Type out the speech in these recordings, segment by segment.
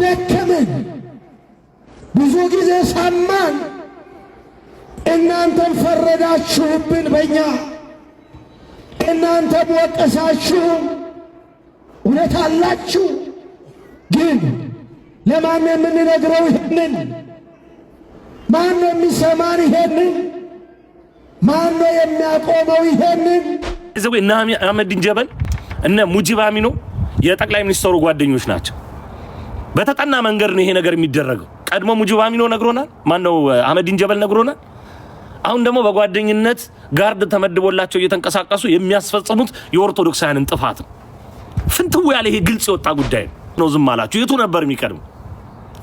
ደከመን፣ ብዙ ጊዜ ሰማን፣ እናንተም ፈረዳችሁብን በእኛ እናንተም ወቀሳችሁ። እውነት አላችሁ። ግን ለማን የምንነግረው ይሄንን? ማን ነው የሚሰማን ይሄንን? ማን ነው የሚያቆመው ይሄንን? እነ አህመዲን ጀበል እነ ሙጂብ አሚኖ የጠቅላይ ሚኒስትሩ ጓደኞች ናቸው። በተጠና መንገድ ነው ይሄ ነገር የሚደረገው። ቀድሞ ሙጅብ አሚኖ ነግሮናል። ነው አህመዲን ጀበል ነግሮናል። አሁን ደግሞ በጓደኝነት ጋርድ ተመድቦላቸው እየተንቀሳቀሱ የሚያስፈጽሙት የኦርቶዶክሳውያንን ጥፋት ነው። ፍንትው ያለ ይሄ ግልጽ የወጣ ጉዳይ ነው። ዝም አላችሁ። የቱ ነበር የሚቀድመው?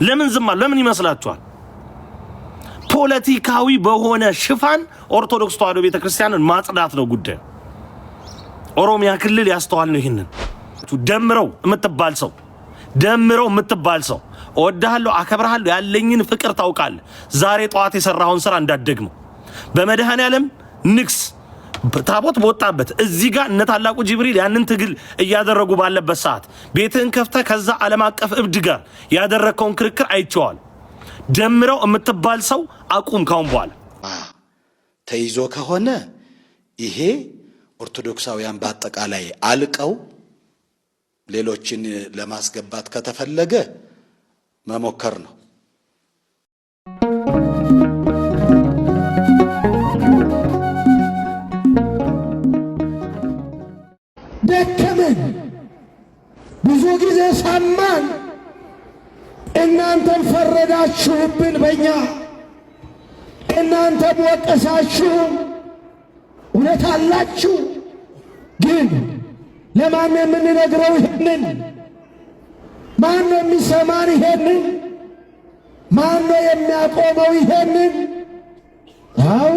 ለምን ዝም አሉ? ለምን ይመስላችኋል? ፖለቲካዊ በሆነ ሽፋን ኦርቶዶክስ ተዋሕዶ ቤተክርስቲያንን ማጽዳት ነው ጉዳዩ። ኦሮሚያ ክልል ያስተዋል ነው። ይህንን ደምረው የምትባል ሰው ደምረው የምትባል ሰው እወድሃለሁ፣ አከብረሃለሁ፣ ያለኝን ፍቅር ታውቃለህ። ዛሬ ጠዋት የሰራኸውን ስራ እንዳትደግመው። በመድኃኔ ዓለም ንግስ ታቦት በወጣበት እዚህ ጋር እነ ታላቁ ጅብሪል ያንን ትግል እያደረጉ ባለበት ሰዓት ቤትህን ከፍተ ከዛ ዓለም አቀፍ እብድ ጋር ያደረግከውን ክርክር አይቸዋል ደምረው የምትባል ሰው አቁም። ካሁን በኋላ ተይዞ ከሆነ ይሄ ኦርቶዶክሳውያን በአጠቃላይ አልቀው ሌሎችን ለማስገባት ከተፈለገ መሞከር ነው። ደከመን፣ ብዙ ጊዜ ሰማን፣ እናንተም ፈረዳችሁብን በእኛ እናንተም ወቀሳችሁ። እውነት አላችሁ ግን ለማን የምንነግረው ይሄንን? ማን ነው የሚሰማን ይሄንን? ማን ነው የሚያቆመው ይሄንን? አው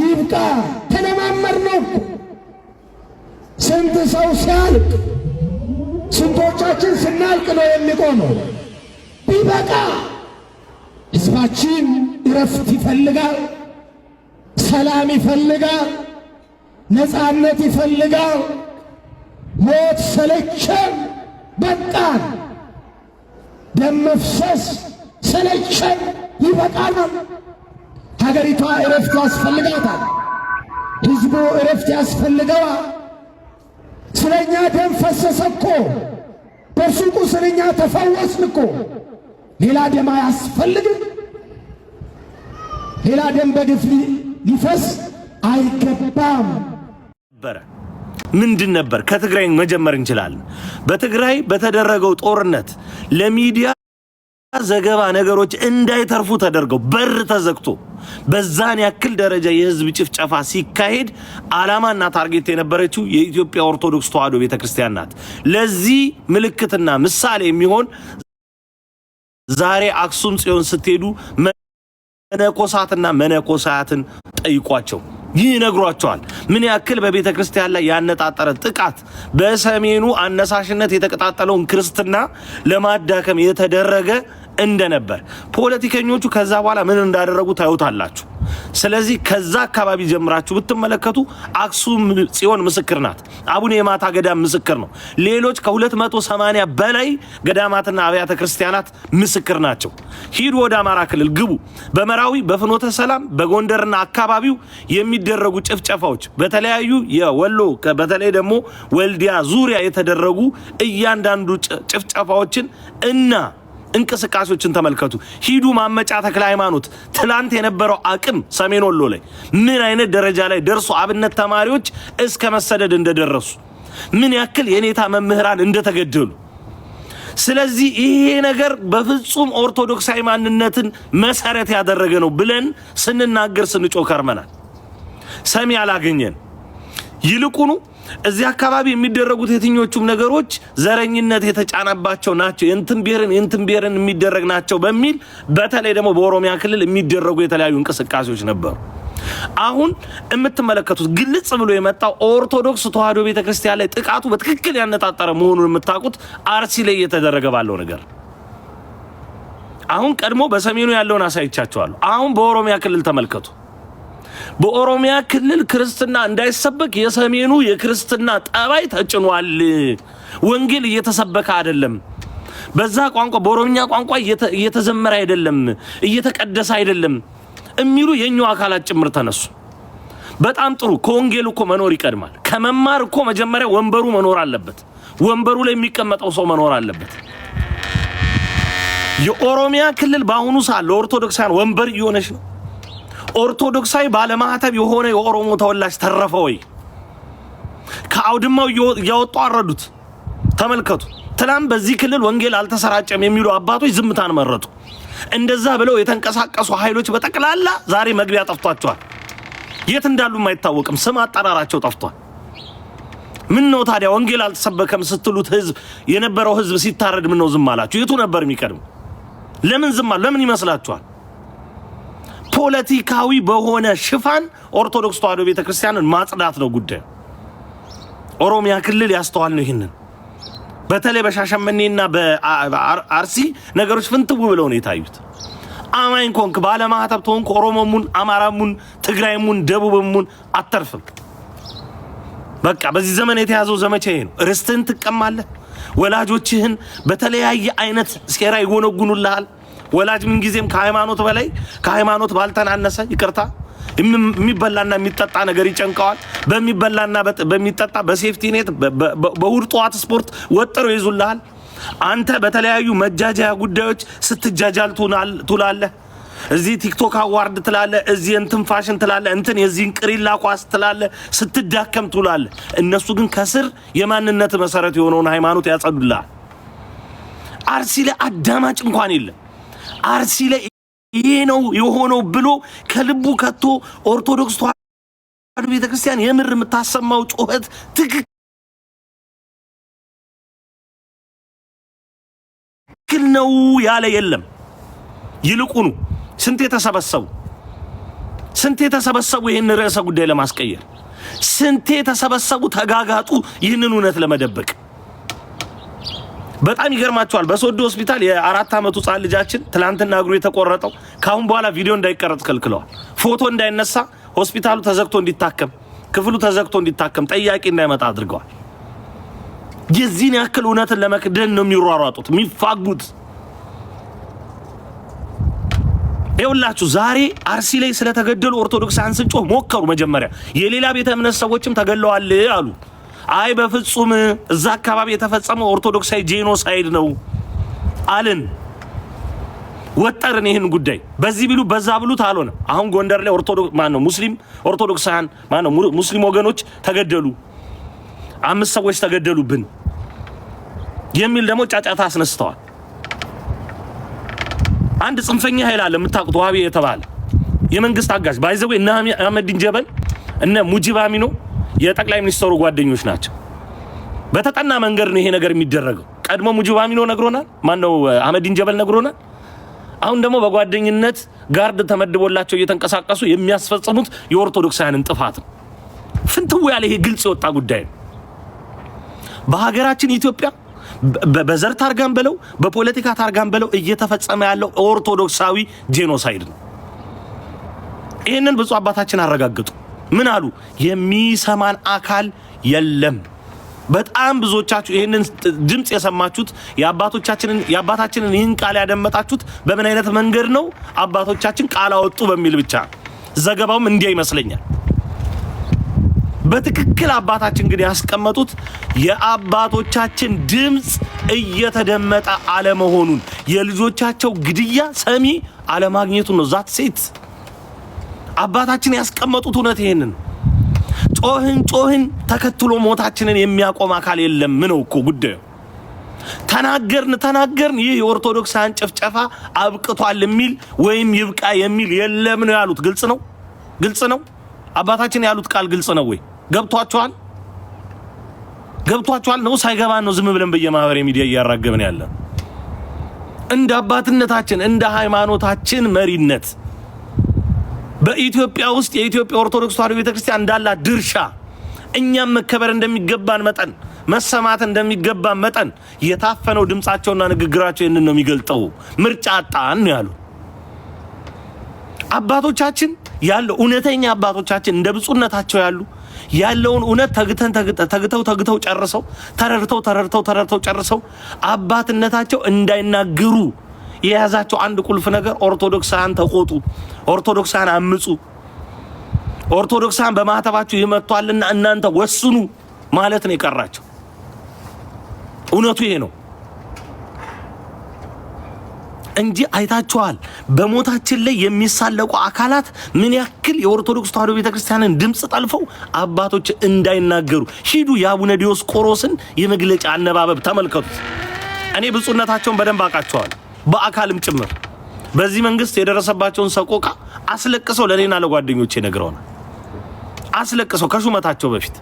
ይብቃ። ተለማመር ነው። ስንት ሰው ሲያልቅ፣ ስንቶቻችን ስናልቅ ነው የሚቆመው? ቢበቃ። ሕዝባችን እረፍት ይፈልጋል፣ ሰላም ይፈልጋል። ነፃነት ይፈልጋል። ሞት ሰለቸን፣ በቃን። ደም መፍሰስ ሰለቸን፣ ይበቃናል። ሀገሪቷ እረፍት ያስፈልጋታል። ሕዝቡ እረፍት ያስፈልገዋል። ስለኛ ደም ፈሰሰ እኮ በሱቁ እኛ ተፈወስን እኮ ሌላ ደም አያስፈልግም። ሌላ ደም በግፍ ሊፈስ አይገባም። ነበረ? ምንድን ነበር? ከትግራይ መጀመር እንችላለን። በትግራይ በተደረገው ጦርነት ለሚዲያ ዘገባ ነገሮች እንዳይተርፉ ተደርገው በር ተዘግቶ በዛን ያክል ደረጃ የህዝብ ጭፍጨፋ ሲካሄድ አላማና ታርጌት የነበረችው የኢትዮጵያ ኦርቶዶክስ ተዋሕዶ ቤተክርስቲያን ናት። ለዚህ ምልክትና ምሳሌ የሚሆን ዛሬ አክሱም ጽዮን ስትሄዱ መነኮሳትና መነኮሳትን ጠይቋቸው ይነግሯቸዋል። ምን ያክል በቤተ ክርስቲያን ላይ ያነጣጠረ ጥቃት በሰሜኑ አነሳሽነት የተቀጣጠለውን ክርስትና ለማዳከም የተደረገ እንደነበር ፖለቲከኞቹ ከዛ በኋላ ምን እንዳደረጉ ታዩታላችሁ። ስለዚህ ከዛ አካባቢ ጀምራችሁ ብትመለከቱ አክሱም ጽዮን ምስክር ናት። አቡነ የማታ ገዳም ምስክር ነው። ሌሎች ከ280 በላይ ገዳማትና አብያተ ክርስቲያናት ምስክር ናቸው። ሂዱ፣ ወደ አማራ ክልል ግቡ። በመራዊ በፍኖተ ሰላም በጎንደርና አካባቢው የሚደረጉ ጭፍጨፋዎች በተለያዩ የወሎ በተለይ ደግሞ ወልዲያ ዙሪያ የተደረጉ እያንዳንዱ ጭፍጨፋዎችን እና እንቅስቃሴዎችን ተመልከቱ። ሂዱ ማመጫ ተክለ ሃይማኖት፣ ትናንት የነበረው አቅም ሰሜን ወሎ ላይ ምን አይነት ደረጃ ላይ ደርሶ አብነት ተማሪዎች እስከ መሰደድ እንደደረሱ ምን ያክል የኔታ መምህራን እንደተገደሉ ስለዚህ ይሄ ነገር በፍጹም ኦርቶዶክሳዊ ማንነትን መሰረት ያደረገ ነው ብለን ስንናገር ስንጮህ ከርመናል። ሰሚ አላገኘን ይልቁኑ እዚህ አካባቢ የሚደረጉት የትኞቹም ነገሮች ዘረኝነት የተጫነባቸው ናቸው። የእንትን ብሔርን የእንትን ብሔርን የሚደረግ ናቸው በሚል በተለይ ደግሞ በኦሮሚያ ክልል የሚደረጉ የተለያዩ እንቅስቃሴዎች ነበሩ። አሁን የምትመለከቱት ግልጽ ብሎ የመጣው ኦርቶዶክስ ተዋሕዶ ቤተክርስቲያን ላይ ጥቃቱ በትክክል ያነጣጠረ መሆኑን የምታውቁት አርሲ ላይ እየተደረገ ባለው ነገር አሁን ቀድሞ በሰሜኑ ያለውን አሳይቻቸዋለሁ። አሁን በኦሮሚያ ክልል ተመልከቱ። በኦሮሚያ ክልል ክርስትና እንዳይሰበክ የሰሜኑ የክርስትና ጠባይ ተጭኗል። ወንጌል እየተሰበከ አይደለም። በዛ ቋንቋ በኦሮምኛ ቋንቋ እየተዘመረ አይደለም፣ እየተቀደሰ አይደለም የሚሉ የኛው አካላት ጭምር ተነሱ። በጣም ጥሩ። ከወንጌል እኮ መኖር ይቀድማል። ከመማር እኮ መጀመሪያ ወንበሩ መኖር አለበት። ወንበሩ ላይ የሚቀመጠው ሰው መኖር አለበት። የኦሮሚያ ክልል በአሁኑ ሰዓት ለኦርቶዶክሳውያን ወንበር እየሆነች ነው። ኦርቶዶክሳዊ ባለማህተብ የሆነ የኦሮሞ ተወላጅ ተረፈ ወይ? ከአውድማው እያወጡ አረዱት። ተመልከቱ። ትናንት በዚህ ክልል ወንጌል አልተሰራጨም የሚሉ አባቶች ዝምታን መረጡ። እንደዛ ብለው የተንቀሳቀሱ ኃይሎች በጠቅላላ ዛሬ መግቢያ ጠፍቷቸዋል። የት እንዳሉም አይታወቅም። ስም አጠራራቸው ጠፍቷል። ምን ነው ታዲያ ወንጌል አልተሰበከም ስትሉት ህዝብ የነበረው ህዝብ ሲታረድ ምን ነው ዝም አላችሁ? የቱ ነበር የሚቀድም? ለምን ዝም አሉ? ለምን ይመስላችኋል? ፖለቲካዊ በሆነ ሽፋን ኦርቶዶክስ ተዋሕዶ ቤተክርስቲያንን ማጽዳት ነው ጉዳዩ። ኦሮሚያ ክልል ያስተዋል ነው ይህንን በተለይ በሻሸመኔና በአርሲ ነገሮች ፍንትው ብለው ነው የታዩት። አማኝ ኮንክ ባለማህተብ ተሆንክ ኦሮሞሙን፣ አማራሙን፣ ትግራይሙን፣ ደቡብሙን አተርፍም። በቃ በዚህ ዘመን የተያዘው ዘመቻ ይሄ ነው። ርስትህን ትቀማለህ። ወላጆችህን በተለያየ አይነት ሴራ ይጎነጉኑልሃል። ወላጅ ምንጊዜም ከሃይማኖት በላይ ከሃይማኖት ባልተናነሰ ይቅርታ የሚበላና የሚጠጣ ነገር ይጨንቀዋል። በሚበላና በሚጠጣ በሴፍቲ ኔት በእሑድ ጠዋት ስፖርት ወጥሮ ይዙልሃል። አንተ በተለያዩ መጃጃያ ጉዳዮች ስትጃጃል ትውላለህ። እዚህ ቲክቶክ አዋርድ ትላለ፣ እዚህ እንትን ፋሽን ትላለ፣ እንትን የዚህን ቅሪላ ኳስ ትላለ፣ ስትዳከም ትውላለ። እነሱ ግን ከስር የማንነት መሰረት የሆነውን ሃይማኖት ያጸዱልሃል። አርሲ ላይ አዳማጭ እንኳን የለም። አርሲ ላይ ይሄ ነው የሆነው ብሎ ከልቡ ከቶ ኦርቶዶክስ ተዋሕዶ ቤተክርስቲያን የምር የምታሰማው ጩኸት ትክክል ነው ያለ የለም። ይልቁኑ ስንት የተሰበሰቡ ስንት የተሰበሰቡ ይህን ርዕሰ ጉዳይ ለማስቀየር ስንቴ የተሰበሰቡ ተጋጋጡ ይህንን እውነት ለመደበቅ በጣም ይገርማቸዋል። በሶዶ ሆስፒታል የአራት አመቱ ህጻን ልጃችን ትላንትና እግሩ የተቆረጠው ካሁን በኋላ ቪዲዮ እንዳይቀረጽ ከልክለዋል። ፎቶ እንዳይነሳ ሆስፒታሉ ተዘግቶ እንዲታከም፣ ክፍሉ ተዘግቶ እንዲታከም፣ ጠያቂ እንዳይመጣ አድርገዋል። የዚህን ያክል እውነትን ለመክደን ነው የሚሯሯጡት የሚፋጉት። ይኸውላችሁ ዛሬ አርሲ ላይ ስለተገደሉ ኦርቶዶክሳውያን ስንጮህ ሞከሩ። መጀመሪያ የሌላ ቤተ እምነት ሰዎችም ተገለዋል አሉ። አይ በፍጹም እዛ አካባቢ የተፈጸመው ኦርቶዶክሳዊ ጄኖሳይድ ነው አልን። ወጠርን ይህን ጉዳይ በዚህ ቢሉ በዛ ብሉት አልሆነ አሁን ጎንደር ላይ ኦርቶዶክስ ማን ነው ሙስሊም ኦርቶዶክሳን ማን ነው ሙስሊም ወገኖች ተገደሉ፣ አምስት ሰዎች ተገደሉብን የሚል ደግሞ ጫጫታ አስነስተዋል። አንድ ጽንፈኛ ኃይል አለ የምታውቁት ዋቢ የተባለ የመንግስት አጋዥ ባይዘው እነ አህመዲን ጀበል እነ ሙጂብ አሚኖ የጠቅላይ ሚኒስትሩ ጓደኞች ናቸው። በተጠና መንገድ ነው ይሄ ነገር የሚደረገው። ቀድሞ ሙጅብ አሚኖ ነግሮናል። ማነው አህመዲን ጀበል ነግሮናል። አሁን ደግሞ በጓደኝነት ጋርድ ተመድቦላቸው እየተንቀሳቀሱ የሚያስፈጽሙት የኦርቶዶክሳውያንን ጥፋት ነው። ፍንትው ያለ ይሄ ግልጽ የወጣ ጉዳይ ነው። በሀገራችን ኢትዮጵያ በዘር ታርጋም በለው በፖለቲካ ታርጋን በለው እየተፈጸመ ያለው ኦርቶዶክሳዊ ጄኖሳይድ ነው። ይህንን ብፁዕ አባታችን አረጋግጡ። ምን አሉ? የሚሰማን አካል የለም። በጣም ብዙዎቻችሁ ይህንን ድምፅ የሰማችሁት የአባቶቻችንን የአባታችንን ይህን ቃል ያደመጣችሁት በምን አይነት መንገድ ነው? አባቶቻችን ቃል አወጡ በሚል ብቻ። ዘገባውም እንዲህ ይመስለኛል። በትክክል አባታችን ግን ያስቀመጡት የአባቶቻችን ድምፅ እየተደመጠ አለመሆኑን፣ የልጆቻቸው ግድያ ሰሚ አለማግኘቱን ነው ዛት ሴት አባታችን ያስቀመጡት እውነት ይሄንን ጮህን ጮህን ተከትሎ ሞታችንን የሚያቆም አካል የለም ነው እኮ ጉዳዩ። ተናገርን ተናገርን፣ ይህ የኦርቶዶክሳን ጭፍጨፋ አብቅቷል የሚል ወይም ይብቃ የሚል የለም ነው ያሉት። ግልጽ ነው፣ ግልጽ ነው። አባታችን ያሉት ቃል ግልጽ ነው ወይ? ገብቷቸዋል፣ ገብቷቸዋል ነው ሳይገባን ነው ዝም ብለን በየማህበሬ ሚዲያ እያራገብን ያለን እንደ አባትነታችን እንደ ሃይማኖታችን መሪነት በኢትዮጵያ ውስጥ የኢትዮጵያ ኦርቶዶክስ ተዋሕዶ ቤተክርስቲያን እንዳላት ድርሻ እኛም መከበር እንደሚገባን መጠን መሰማት እንደሚገባን መጠን የታፈነው ድምፃቸውና ንግግራቸው ይህንን ነው የሚገልጠው። ምርጫ አጣን ነው ያሉ አባቶቻችን ያለው እውነተኛ አባቶቻችን እንደ ብፁዕነታቸው ያሉ ያለውን እውነት ተግተን ተግተው ተግተው ጨርሰው ተረድተው ተረድተው ተረድተው ጨርሰው አባትነታቸው እንዳይናገሩ የያዛቸው አንድ ቁልፍ ነገር ኦርቶዶክሳን ተቆጡ፣ ኦርቶዶክሳን አምፁ፣ ኦርቶዶክሳን በማህተባችሁ ይመቷልና እናንተ ወስኑ ማለት ነው የቀራቸው። እውነቱ ይሄ ነው እንጂ አይታችኋል። በሞታችን ላይ የሚሳለቁ አካላት ምን ያክል የኦርቶዶክስ ተዋሕዶ ቤተክርስቲያንን ድምፅ ጠልፈው አባቶች እንዳይናገሩ ሂዱ። የአቡነ ዲዮስቆሮስን የመግለጫ አነባበብ ተመልከቱት። እኔ ብፁዕነታቸውን በደንብ አውቃቸዋል። በአካልም ጭምር በዚህ መንግስት የደረሰባቸውን ሰቆቃ አስለቅሰው ለእኔና ለጓደኞቼ ነግረውናል። አስለቅሰው ከሹመታቸው በፊት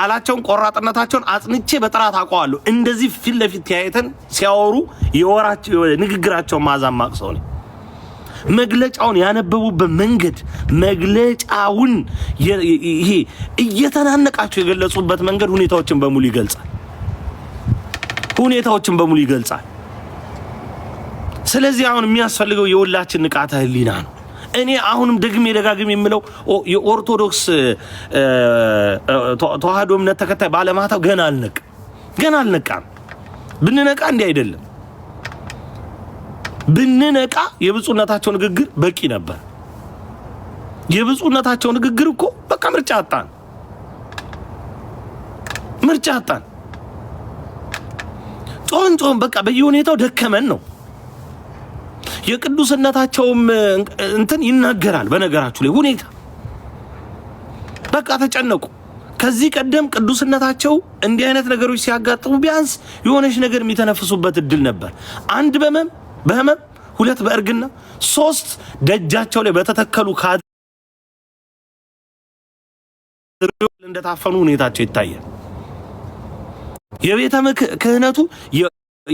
ቃላቸውን ቆራጥነታቸውን አጥንቼ በጥራት አውቀዋለሁ። እንደዚህ ፊት ለፊት ተያይተን ሲያወሩ የወራቸው ንግግራቸውን ማዛማቅ ሰው ነኝ። መግለጫውን ያነበቡበት መንገድ መግለጫውን ይሄ እየተናነቃቸው የገለጹበት መንገድ ሁኔታዎችን በሙሉ ይገልጻል። ሁኔታዎችን በሙሉ ይገልጻል። ስለዚህ አሁን የሚያስፈልገው የሁላችን ንቃተ ህሊና ነው። እኔ አሁንም ደግሜ ደጋግሜ የምለው የኦርቶዶክስ ተዋህዶ እምነት ተከታይ ባለማታው ገና አልነቅ ገና አልነቃም። ብንነቃ እንዲህ አይደለም። ብንነቃ የብፁዕነታቸው ንግግር በቂ ነበር። የብፁዕነታቸው ንግግር እኮ በቃ ምርጫ አጣን፣ ምርጫ አጣን። ጮን ጮን በቃ በየሁኔታው ደከመን ነው የቅዱስነታቸውም እንትን ይናገራል። በነገራችሁ ላይ ሁኔታ በቃ ተጨነቁ። ከዚህ ቀደም ቅዱስነታቸው እንዲህ አይነት ነገሮች ሲያጋጥሙ ቢያንስ የሆነች ነገር የሚተነፍሱበት እድል ነበር። አንድ በህመም በህመም ሁለት በእርግና ሶስት ደጃቸው ላይ በተተከሉ እንደታፈኑ ሁኔታቸው ይታያል። የቤተ ክህነቱ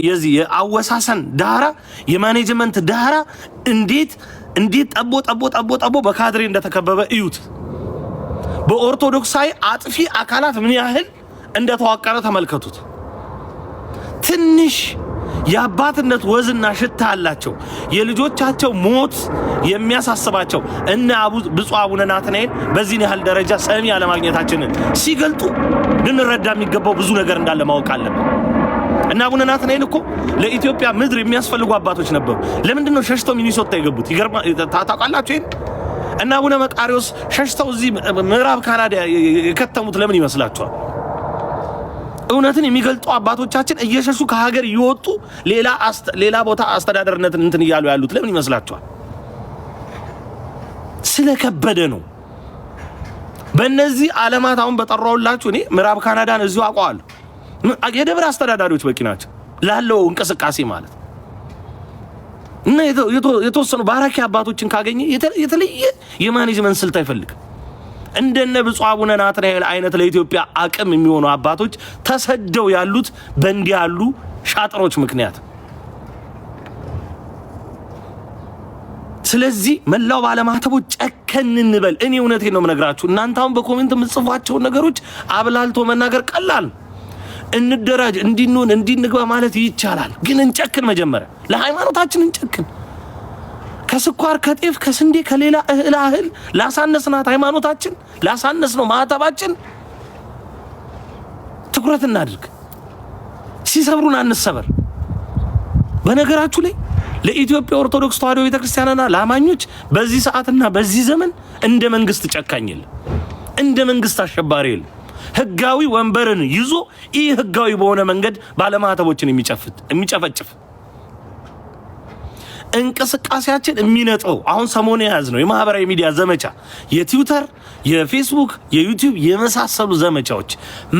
የዚህ የአወሳሰን ዳራ የማኔጅመንት ዳራ እንዴት እንዴት ጠቦ ጠቦ ጠቦ ጠቦ በካድሬ እንደተከበበ እዩት። በኦርቶዶክሳዊ አጥፊ አካላት ምን ያህል እንደተዋቀረ ተመልከቱት። ትንሽ የአባትነት ወዝና ሽታ አላቸው። የልጆቻቸው ሞት የሚያሳስባቸው እነ ብፁዕ አቡነ ናትናኤል በዚህን ያህል ደረጃ ሰሚ አለማግኘታችንን ሲገልጡ ልንረዳ የሚገባው ብዙ ነገር እንዳለ ማወቅ አለብን። እና አቡነ ናትናኤል እኮ ለኢትዮጵያ ምድር የሚያስፈልጉ አባቶች ነበሩ። ለምንድን ነው ሸሽተው ሚኒሶታ የገቡት? ታውቃላችሁ ይሄን? እና አቡነ መቃሪዎስ ሸሽተው እዚህ ምዕራብ ካናዳ የከተሙት ለምን ይመስላችኋል? እውነትን የሚገልጡ አባቶቻችን እየሸሹ ከሀገር እየወጡ ሌላ ቦታ አስተዳደርነትን እንትን እያሉ ያሉት ለምን ይመስላችኋል? ስለከበደ ነው። በእነዚህ ዓለማት አሁን በጠራውላችሁ እኔ ምዕራብ ካናዳን እዚሁ አውቀዋለሁ። የደብር አስተዳዳሪዎች በቂ ናቸው ላለው እንቅስቃሴ ማለት እና የተወሰኑ ባራኪ አባቶችን ካገኘ የተለየ የማኔጅመንት ስልት አይፈልግም። እንደነ ብፁዕ አቡነ ናትናኤል አይነት ለኢትዮጵያ አቅም የሚሆኑ አባቶች ተሰደው ያሉት በእንዲህ ያሉ ሻጥሮች ምክንያት። ስለዚህ መላው ባለማተቦ ጨከን እንበል። እኔ እውነቴን ነው የምነግራችሁ። እናንተ አሁን በኮሜንት የምጽፏቸውን ነገሮች አብላልቶ መናገር ቀላል እንደራጅ፣ እንዲንሆን፣ እንዲንግባ ማለት ይቻላል። ግን እንጨክን፣ መጀመሪያ ለሃይማኖታችን እንጨክን። ከስኳር ከጤፍ ከስንዴ ከሌላ እህል እህል ላሳነስናት ሃይማኖታችን ላሳነስ ነው ማዕተባችን ትኩረት እናድርግ። ሲሰብሩን አንሰበር። በነገራችሁ ላይ ለኢትዮጵያ ኦርቶዶክስ ተዋሕዶ ቤተክርስቲያንና ለአማኞች በዚህ ሰዓትና በዚህ ዘመን እንደ መንግስት ጨካኝ የለም፣ እንደ መንግስት አሸባሪ የለም። ህጋዊ ወንበርን ይዞ ይህ ህጋዊ በሆነ መንገድ ባለማህተቦችን የሚጨፈጭፍ እንቅስቃሴያችን የሚነጥበው አሁን ሰሞን የያዝ ነው የማህበራዊ ሚዲያ ዘመቻ፣ የትዊተር፣ የፌስቡክ፣ የዩቲዩብ የመሳሰሉ ዘመቻዎች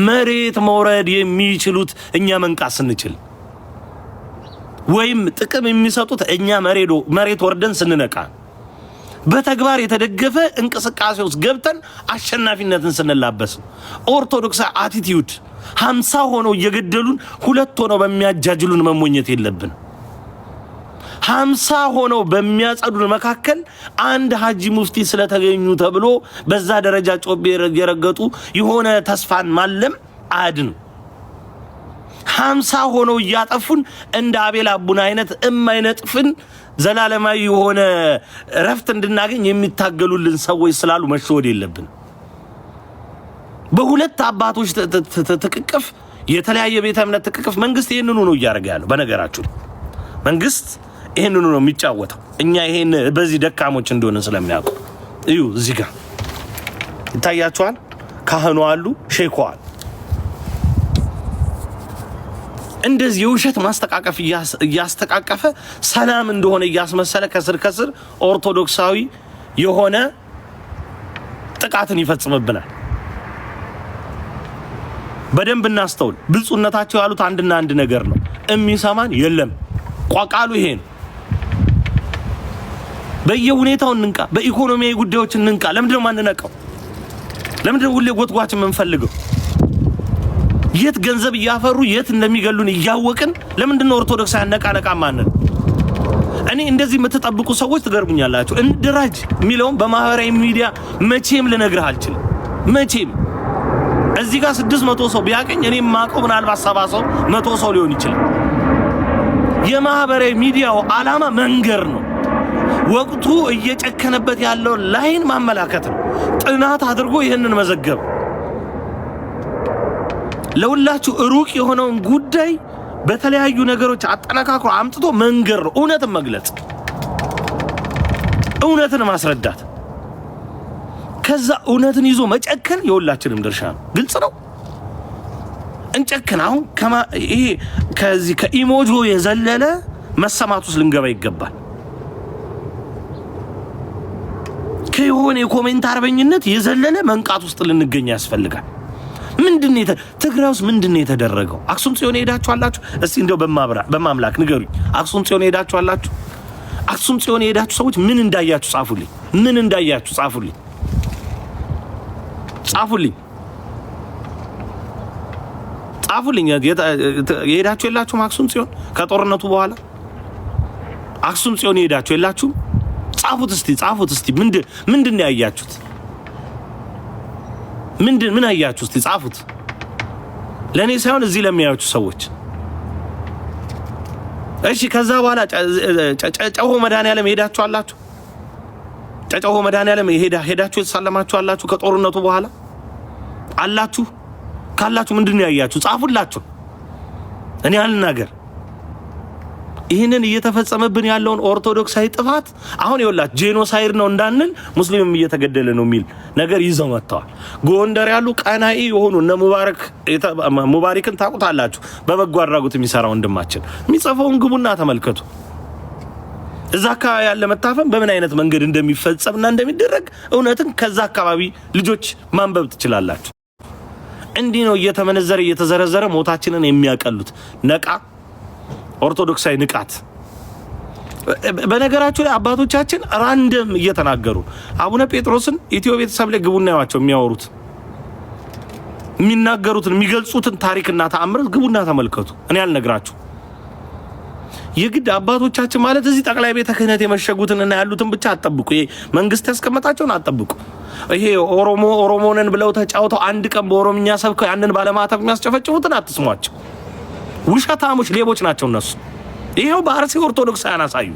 መሬት መውረድ የሚችሉት እኛ መንቃት ስንችል ወይም ጥቅም የሚሰጡት እኛ መሬት ወርደን ስንነቃ በተግባር የተደገፈ እንቅስቃሴ ውስጥ ገብተን አሸናፊነትን ስንላበስ ኦርቶዶክስ አቲቲዩድ ሀምሳ ሆነው እየገደሉን ሁለት ሆነው በሚያጃጅሉን መሞኘት የለብን። ሀምሳ ሆነው በሚያጸዱን መካከል አንድ ሀጂ ሙፍቲ ስለተገኙ ተብሎ በዛ ደረጃ ጮቤ የረገጡ የሆነ ተስፋን ማለም አድን ሀምሳ ሆነው እያጠፉን እንደ አቤል አቡን አይነት እማይነጥፍን ዘላለማዊ የሆነ እረፍት እንድናገኝ የሚታገሉልን ሰዎች ስላሉ መሸወድ የለብን። በሁለት አባቶች ትቅቅፍ፣ የተለያየ ቤተ እምነት ትቅቅፍ፣ መንግስት ይህንኑ ነው እያደረገ ያለው። በነገራችሁ መንግስት ይህንኑ ነው የሚጫወተው። እኛ ይሄን በዚህ ደካሞች እንደሆነ ስለሚያውቁ እዩ። እዚህ ጋር ይታያችኋል። ካህኑ አሉ፣ ሼኮ አሉ። እንደዚህ የውሸት ማስተቃቀፍ እያስተቃቀፈ ሰላም እንደሆነ እያስመሰለ ከስር ከስር ኦርቶዶክሳዊ የሆነ ጥቃትን ይፈጽምብናል። በደንብ እናስተውል። ብፁዕነታቸው ያሉት አንድና አንድ ነገር ነው። እሚሰማን የለም። ቋቃሉ ይሄ ነው። በየሁኔታው እንንቃ፣ በኢኮኖሚያዊ ጉዳዮች እንንቃ። ለምንድን ነው ማንነቀው? ለምንድን ሁሌ ጎትጓችን የምንፈልገው? የት ገንዘብ እያፈሩ የት እንደሚገሉን እያወቅን ለምንድን ነው ኦርቶዶክስ ያነቃነቃ ማንን? እኔ እንደዚህ የምትጠብቁ ሰዎች ትገርሙኛላችሁ። እንደራጅ የሚለውም በማህበራዊ ሚዲያ መቼም ልነግርህ አልችልም። መቼም እዚህ ጋር ስድስት መቶ ሰው ቢያቀኝ እኔ ማቀው ምናልባት ሰባ ሰው መቶ ሰው ሊሆን ይችላል። የማህበራዊ ሚዲያው ዓላማ መንገር ነው። ወቅቱ እየጨከነበት ያለውን ላይን ማመላከት ነው። ጥናት አድርጎ ይህንን መዘገብ ለሁላችሁ ሩቅ የሆነውን ጉዳይ በተለያዩ ነገሮች አጠነካክሮ አምጥቶ መንገር ነው። እውነትን መግለጽ፣ እውነትን ማስረዳት፣ ከዛ እውነትን ይዞ መጨከን የሁላችንም ድርሻ ነው። ግልጽ ነው። እንጨክን። አሁን ይሄ ከዚህ ከኢሞጆ የዘለለ መሰማት ውስጥ ልንገባ ይገባል። ከየሆነ የኮሜንት አርበኝነት የዘለለ መንቃት ውስጥ ልንገኝ ያስፈልጋል። ምንድን ትግራይ ውስጥ ምንድን ነው የተደረገው? አክሱም ጽዮን ሄዳችሁ አላችሁ? እስቲ እንደው በማምላክ ንገሩኝ። አክሱም ጽዮን ሄዳችሁ አላችሁ? አክሱም ጽዮን የሄዳችሁ ሰዎች ምን እንዳያችሁ ጻፉልኝ። ምን እንዳያችሁ ጻፉልኝ፣ ጻፉልኝ፣ ጻፉልኝ። የሄዳችሁ የላችሁም? አክሱም ጽዮን ከጦርነቱ በኋላ አክሱም ጽዮን የሄዳችሁ የላችሁም? ጻፉት እስቲ፣ ጻፉት እስቲ። ምንድን ነው ያያችሁት? ምንድን ምን አያችሁ? እስቲ ጻፉት፣ ለእኔ ሳይሆን እዚህ ለሚያዩት ሰዎች። እሺ፣ ከዛ በኋላ መዳን መድኃኒዓለም ሄዳችሁ አላችሁ። ጨጨሆ መድኃኒዓለም ሄዳችሁ የተሳለማችሁ አላችሁ። ከጦርነቱ በኋላ አላችሁ። ካላችሁ ምንድን ነው ያያችሁ? ጻፉላችሁ። እኔ አልናገር ይህንን እየተፈጸመብን ያለውን ኦርቶዶክሳዊ ጥፋት አሁን ይወላት ጄኖሳይድ ነው እንዳንል ሙስሊምም እየተገደለ ነው የሚል ነገር ይዘው መጥተዋል። ጎንደር ያሉ ቀናኢ የሆኑ እነ ሙባሪክን ታውቁታላችሁ። በበጎ አድራጎት የሚሰራ ወንድማችን የሚጽፈውን ግቡና ተመልከቱ። እዛ አካባቢ ያለ መታፈን በምን አይነት መንገድ እንደሚፈጸምና እንደሚደረግ እውነትን ከዛ አካባቢ ልጆች ማንበብ ትችላላችሁ። እንዲህ ነው እየተመነዘረ እየተዘረዘረ ሞታችንን የሚያቀሉት ነቃ ኦርቶዶክሳዊ ንቃት። በነገራችሁ ላይ አባቶቻችን ራንደም እየተናገሩ አቡነ ጴጥሮስን ኢትዮ ቤተሰብ ላይ ግቡና ያቸው የሚያወሩት የሚናገሩትን የሚገልጹትን ታሪክና ተአምረት ግቡና ተመልከቱ። እኔ ያልነግራችሁ የግድ አባቶቻችን ማለት እዚህ ጠቅላይ ቤተ ክህነት የመሸጉትን እና ያሉትን ብቻ አጠብቁ፣ መንግስት ያስቀመጣቸውን አጠብቁ። ይሄ ኦሮሞ ኦሮሞንን ብለው ተጫውተው አንድ ቀን በኦሮምኛ ሰብከው ያንን ባለማተብ የሚያስጨፈጭፉትን አትስሟቸው። ውሸታሞች፣ ሌቦች ናቸው እነሱ። ይኸው በአርሲ ኦርቶዶክሳውያን አሳዩ።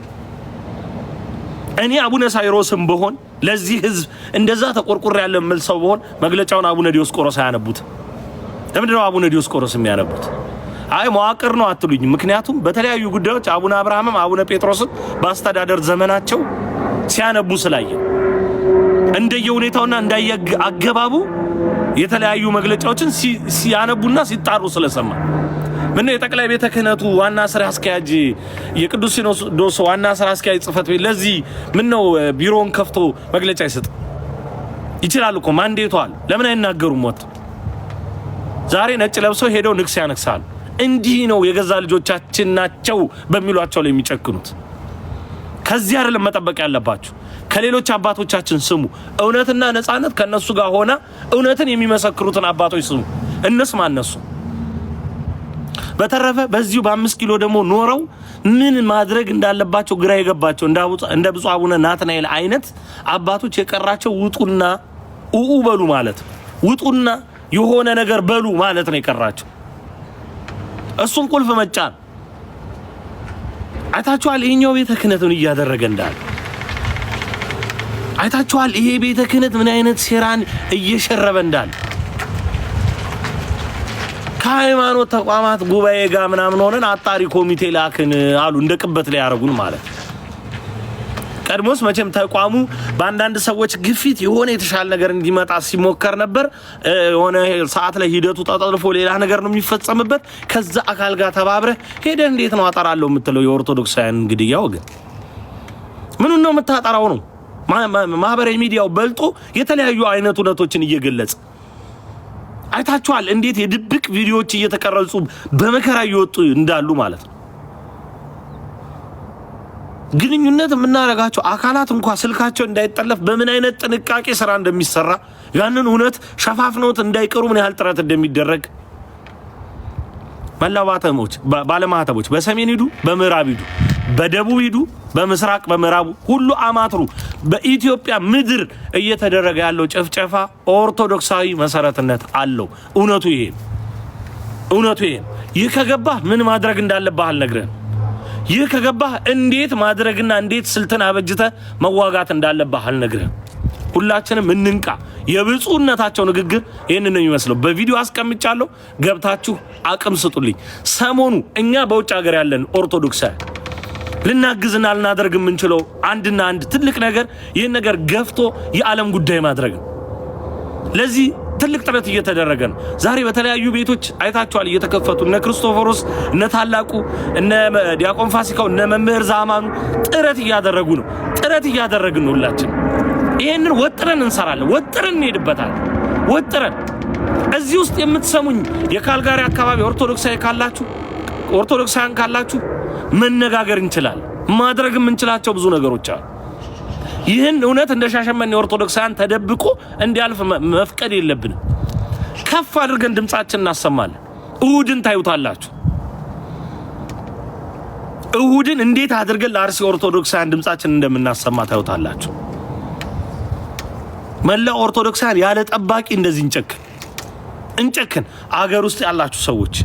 እኔ አቡነ ሳይሮስም ብሆን ለዚህ ህዝብ እንደዛ ተቆርቁር ያለ የምል ሰው ብሆን መግለጫውን አቡነ ዲዮስቆሮስ አያነቡት። ለምንድን ነው አቡነ ዲዮስቆሮስ የሚያነቡት? አይ መዋቅር ነው አትሉኝ። ምክንያቱም በተለያዩ ጉዳዮች አቡነ አብርሃምም አቡነ ጴጥሮስም በአስተዳደር ዘመናቸው ሲያነቡ ስላየ እንደየ ሁኔታውና እንዳየ አገባቡ የተለያዩ መግለጫዎችን ሲያነቡና ሲጣሩ ስለሰማ ምነው የጠቅላይ ቤተ ክህነቱ ዋና ስራ አስኪያጅ የቅዱስ ሲኖዶስ ዋና ስራ አስኪያጅ ጽህፈት ቤት ለዚህ ምነው ቢሮውን ከፍቶ መግለጫ ይሰጥ ይችላል እኮ ማንዴቱ አለ። ለምን አይናገሩም? ወጥ ዛሬ ነጭ ለብሰው ሄደው ንግስ ያነግሳሉ። እንዲህ ነው የገዛ ልጆቻችን ናቸው በሚሏቸው ላይ የሚጨክኑት። ከዚህ አይደለም መጠበቅ ያለባችሁ። ከሌሎች አባቶቻችን ስሙ። እውነትና ነፃነት ከነሱ ጋር ሆና እውነትን የሚመሰክሩትን አባቶች ስሙ። እነሱ ማነሱ በተረፈ በዚሁ በአምስት ኪሎ ደግሞ ኖረው ምን ማድረግ እንዳለባቸው ግራ የገባቸው እንደ ብፁ አቡነ ናትናኤል አይነት አባቶች የቀራቸው ውጡና ኡኡ በሉ ማለት ውጡና የሆነ ነገር በሉ ማለት ነው የቀራቸው። እሱም ቁልፍ መጫን አይታችኋል። ይህኛው ቤተ ክህነት ምን እያደረገ እንዳለ አይታችኋል። ይሄ ቤተ ክህነት ምን አይነት ሴራን እየሸረበ እንዳለ ከሃይማኖት ተቋማት ጉባኤ ጋር ምናምን ሆነን አጣሪ ኮሚቴ ላክን አሉ። እንደ ቅበት ላይ ያደረጉን ማለት ቀድሞስ መቼም ተቋሙ በአንዳንድ ሰዎች ግፊት የሆነ የተሻለ ነገር እንዲመጣ ሲሞከር ነበር። የሆነ ሰዓት ላይ ሂደቱ ተጠልፎ ሌላ ነገር ነው የሚፈጸምበት። ከዛ አካል ጋር ተባብረ ሄደ እንዴት ነው አጠራለሁ የምትለው? የኦርቶዶክሳውያን ግድያ ወገን ምኑን ነው የምታጠራው? ነው ማህበራዊ ሚዲያው በልጦ የተለያዩ አይነት እውነቶችን እየገለጸ አይታችኋል፣ እንዴት የድብቅ ቪዲዮዎች እየተቀረጹ በመከራ እየወጡ እንዳሉ ማለት ነው። ግንኙነት የምናደርጋቸው አካላት እንኳ ስልካቸው እንዳይጠለፍ በምን አይነት ጥንቃቄ ስራ እንደሚሰራ ያንን እውነት ሸፋፍነውት እንዳይቀሩ ምን ያህል ጥረት እንደሚደረግ መላ ባለማህተቦች በሰሜን ሂዱ፣ በምዕራብ ሂዱ፣ በደቡብ ሂዱ፣ በምስራቅ በምዕራቡ ሁሉ አማትሩ። በኢትዮጵያ ምድር እየተደረገ ያለው ጭፍጨፋ ኦርቶዶክሳዊ መሰረትነት አለው። እውነቱ ይሄ እውነቱ ይሄ። ይህ ከገባህ ምን ማድረግ እንዳለብህ አልነግረን። ይህ ከገባህ እንዴት ማድረግና እንዴት ስልትን አበጅተ መዋጋት እንዳለብህ አልነግረን። ሁላችንም እንንቃ። የብፁዕነታቸው ንግግር ይህንን ነው የሚመስለው። በቪዲዮ አስቀምጫለሁ፣ ገብታችሁ አቅም ስጡልኝ። ሰሞኑ እኛ በውጭ ሀገር ያለን ኦርቶዶክሳውያን ልናግዝና ልናደርግ የምንችለው አንድና አንድ ትልቅ ነገር ይህን ነገር ገፍቶ የዓለም ጉዳይ ማድረግ ነው። ለዚህ ትልቅ ጥረት እየተደረገ ነው። ዛሬ በተለያዩ ቤቶች አይታችኋል እየተከፈቱ እነ ክርስቶፎሮስ፣ እነ ታላቁ፣ እነ ዲያቆን ፋሲካው፣ እነ መምህር ዛማኑ ጥረት እያደረጉ ነው። ጥረት እያደረግን ነው። ሁላችን ይህንን ወጥረን እንሰራለን፣ ወጥረን እንሄድበታለን፣ ወጥረን እዚህ ውስጥ የምትሰሙኝ የካልጋሪ አካባቢ ኦርቶዶክሳዊ ካላችሁ ኦርቶዶክሳውያን ካላችሁ መነጋገር እንችላል። ማድረግ የምንችላቸው ብዙ ነገሮች አሉ። ይህን እውነት እንደ ሻሸመኔ ኦርቶዶክሳውያን ተደብቆ እንዲያልፍ መፍቀድ የለብንም። ከፍ አድርገን ድምጻችን እናሰማለን። እሁድን ታዩታላችሁ። እሁድን እንዴት አድርገን ለአርሲ ኦርቶዶክሳውያን ድምፃችን እንደምናሰማ ታዩታላችሁ። መላ ኦርቶዶክሳውያን ያለ ጠባቂ እንደዚህ እንጨክን እንጨክን። አገር ውስጥ ያላችሁ ሰዎች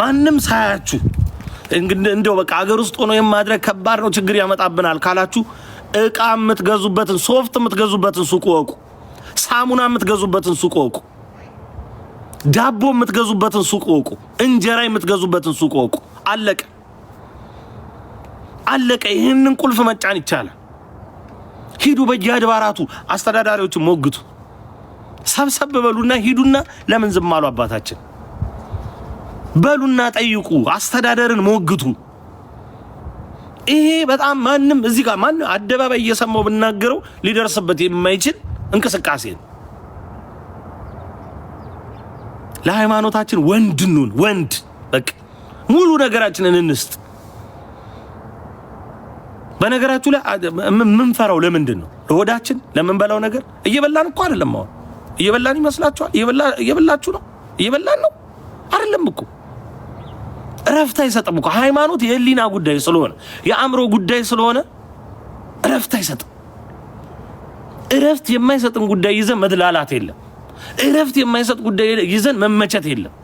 ማንም ሳያችሁ እንደው በቃ አገር ውስጥ ሆኖ የማድረግ ከባድ ነው፣ ችግር ያመጣብናል ካላችሁ እቃ የምትገዙበትን ሶፍት የምትገዙበትን ሱቅ ወቁ። ሳሙና የምትገዙበትን ሱቅ ወቁ። ዳቦ የምትገዙበትን ሱቅ ወቁ። እንጀራ የምትገዙበትን ሱቅ ወቁ። አለቀ አለቀ። ይህንን ቁልፍ መጫን ይቻላል። ሂዱ በየአድባራቱ አስተዳዳሪዎችን ሞግቱ። ሰብሰብ በሉና ሂዱና ለምን ዝም አሉ አባታችን በሉና ጠይቁ፣ አስተዳደርን ሞግቱ። ይሄ በጣም ማንም እዚህ ጋር ማንም አደባባይ እየሰማው ብናገረው ሊደርስበት የማይችል እንቅስቃሴ ነው። ለሃይማኖታችን ወንድ እንሁን፣ ወንድ በቃ ሙሉ ነገራችንን እንስጥ። በነገራችሁ ላይ የምንፈራው ለምንድን ነው? ለሆዳችን ለምንበላው ነገር እየበላን እኮ አይደለም። አሁን እየበላን ይመስላችኋል? እየበላችሁ ነው? እየበላን ነው አይደለም እኮ እረፍት አይሰጥም እኮ ሃይማኖት የህሊና ጉዳይ ስለሆነ የአእምሮ ጉዳይ ስለሆነ እረፍት አይሰጥም። እረፍት የማይሰጥን ጉዳይ ይዘን መድላላት የለም። እረፍት የማይሰጥ ጉዳይ ይዘን መመቸት የለም።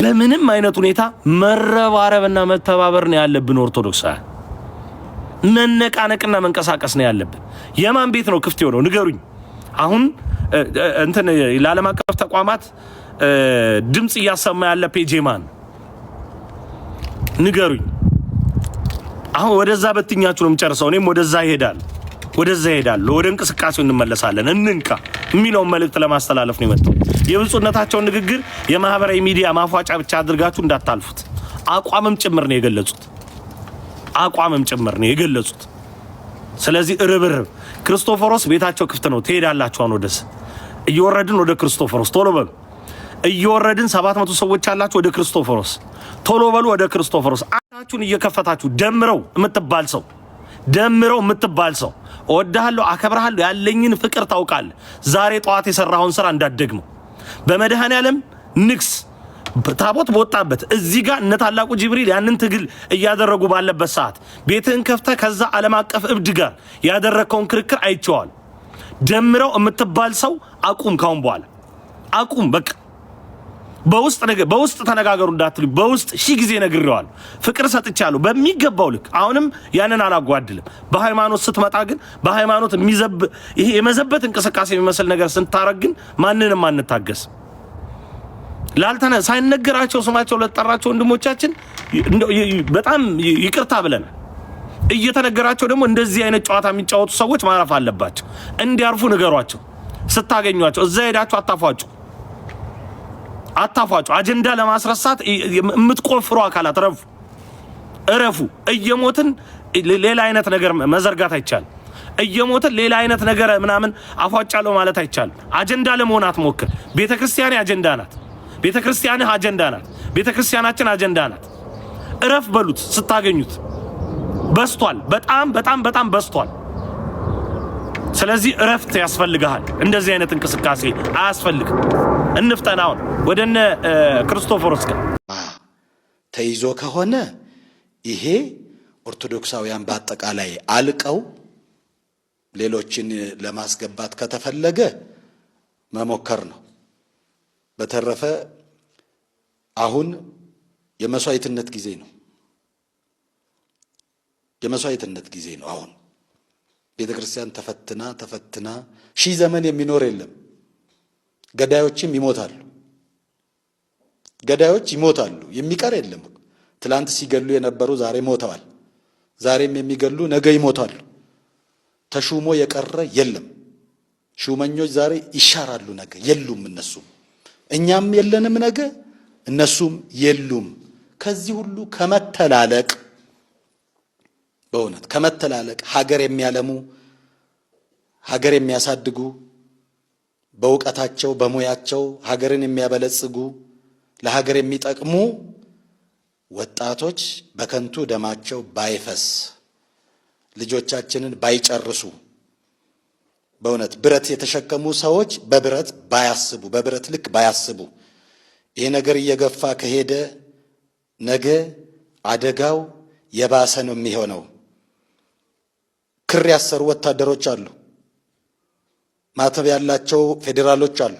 በምንም አይነት ሁኔታ መረባረብና መተባበር ነው ያለብን። ኦርቶዶክሳውያን መነቃነቅና መንቀሳቀስ ነው ያለብን። የማን ቤት ነው ክፍት የሆነው? ንገሩኝ። አሁን እንትን ለዓለም አቀፍ ተቋማት ድምፅ እያሰማ ያለ ፔጅ ማን? ንገሩኝ። አሁን ወደዛ በትኛችሁ ነው የምጨርሰው። እኔም ወደዛ ይሄዳል ወደዛ ይሄዳል። ወደ እንቅስቃሴው እንመለሳለን። እንንቃ የሚለውን መልእክት ለማስተላለፍ ነው የመጣው። የብፁዕነታቸውን ንግግር የማህበራዊ ሚዲያ ማፏጫ ብቻ አድርጋችሁ እንዳታልፉት። አቋምም ጭምር ነው የገለጹት። አቋምም ጭምር ነው የገለጹት። ስለዚህ እርብርብ ክርስቶፎሮስ ቤታቸው ክፍት ነው። ትሄዳላችሁ። ወደስ እየወረድን ወደ ክርስቶፎሮስ ቶሎ በሉ። እየወረድን ሰባት መቶ ሰዎች አላችሁ ወደ ክርስቶፎሮስ ቶሎ በሉ። ወደ ክርስቶፎሮስ አናችሁን እየከፈታችሁ ደምረው የምትባል ሰው ደምረው የምትባል ሰው እወድሃለሁ፣ አከብርሃለሁ፣ ያለኝን ፍቅር ታውቃለህ። ዛሬ ጠዋት የሰራኸውን ስራ እንዳትደግመው። በመድኃኔ ዓለም ንግስ ታቦት በወጣበት እዚህ ጋር እነ ታላቁ ጅብሪል ያንን ትግል እያደረጉ ባለበት ሰዓት ቤትህን ከፍተህ ከዛ ዓለም አቀፍ እብድ ጋር ያደረግከውን ክርክር አይቼዋል። ደምረው የምትባል ሰው አቁም፣ ካሁን በኋላ አቁም፣ በቃ በውስጥ በውስጥ ተነጋገሩ እንዳትሉ፣ በውስጥ ሺህ ጊዜ ነግሬዋል። ፍቅር ሰጥቻለሁ በሚገባው ልክ። አሁንም ያንን አላጓድልም። በሃይማኖት ስትመጣ ግን በሃይማኖት የሚዘብ ይሄ የመዘበት እንቅስቃሴ የሚመስል ነገር ስንታረግ ግን ማንንም አንታገስ። ላልተነ ሳይነገራቸው ስማቸው ለተጠራቸው ወንድሞቻችን በጣም ይቅርታ ብለን እየተነገራቸው ደግሞ እንደዚህ አይነት ጨዋታ የሚጫወቱ ሰዎች ማረፍ አለባቸው። እንዲያርፉ ንገሯቸው። ስታገኟቸው እዛ ሄዳችሁ አታፏቸው። አታፏጩ። አጀንዳ ለማስረሳት የምትቆፍሩ አካላት ረፉ፣ እረፉ። እየሞትን ሌላ አይነት ነገር መዘርጋት አይቻልም። እየሞትን ሌላ አይነት ነገር ምናምን አፏጫለሁ ማለት አይቻልም። አጀንዳ ለመሆን አትሞክር። ቤተ ክርስቲያኔ አጀንዳ ናት። ቤተ ክርስቲያንህ አጀንዳ ናት። ቤተ ክርስቲያናችን አጀንዳ ናት። እረፍ በሉት ስታገኙት። በስቷል። በጣም በጣም በጣም በስቷል። ስለዚህ እረፍት ያስፈልግሃል። እንደዚህ አይነት እንቅስቃሴ አያስፈልግም። እንፍጠን። አሁን ወደ ክርስቶፎሮስ ጋር ተይዞ ከሆነ ይሄ ኦርቶዶክሳውያን በአጠቃላይ አልቀው ሌሎችን ለማስገባት ከተፈለገ መሞከር ነው። በተረፈ አሁን የመስዋዕትነት ጊዜ ነው። የመስዋዕትነት ጊዜ ነው አሁን ቤተ ክርስቲያን ተፈትና ተፈትና ሺህ ዘመን የሚኖር የለም። ገዳዮችም ይሞታሉ። ገዳዮች ይሞታሉ፣ የሚቀር የለም። ትላንት ሲገሉ የነበሩ ዛሬ ሞተዋል። ዛሬም የሚገሉ ነገ ይሞታሉ። ተሹሞ የቀረ የለም። ሹመኞች ዛሬ ይሻራሉ፣ ነገ የሉም። እነሱም እኛም የለንም፣ ነገ እነሱም የሉም። ከዚህ ሁሉ ከመተላለቅ በእውነት ከመተላለቅ ሀገር የሚያለሙ ሀገር የሚያሳድጉ በእውቀታቸው በሙያቸው ሀገርን የሚያበለጽጉ ለሀገር የሚጠቅሙ ወጣቶች በከንቱ ደማቸው ባይፈስ ልጆቻችንን ባይጨርሱ በእውነት ብረት የተሸከሙ ሰዎች በብረት ባያስቡ በብረት ልክ ባያስቡ ይህ ነገር እየገፋ ከሄደ ነገ አደጋው የባሰ ነው የሚሆነው። ክር ያሰሩ ወታደሮች አሉ። ማተብ ያላቸው ፌዴራሎች አሉ።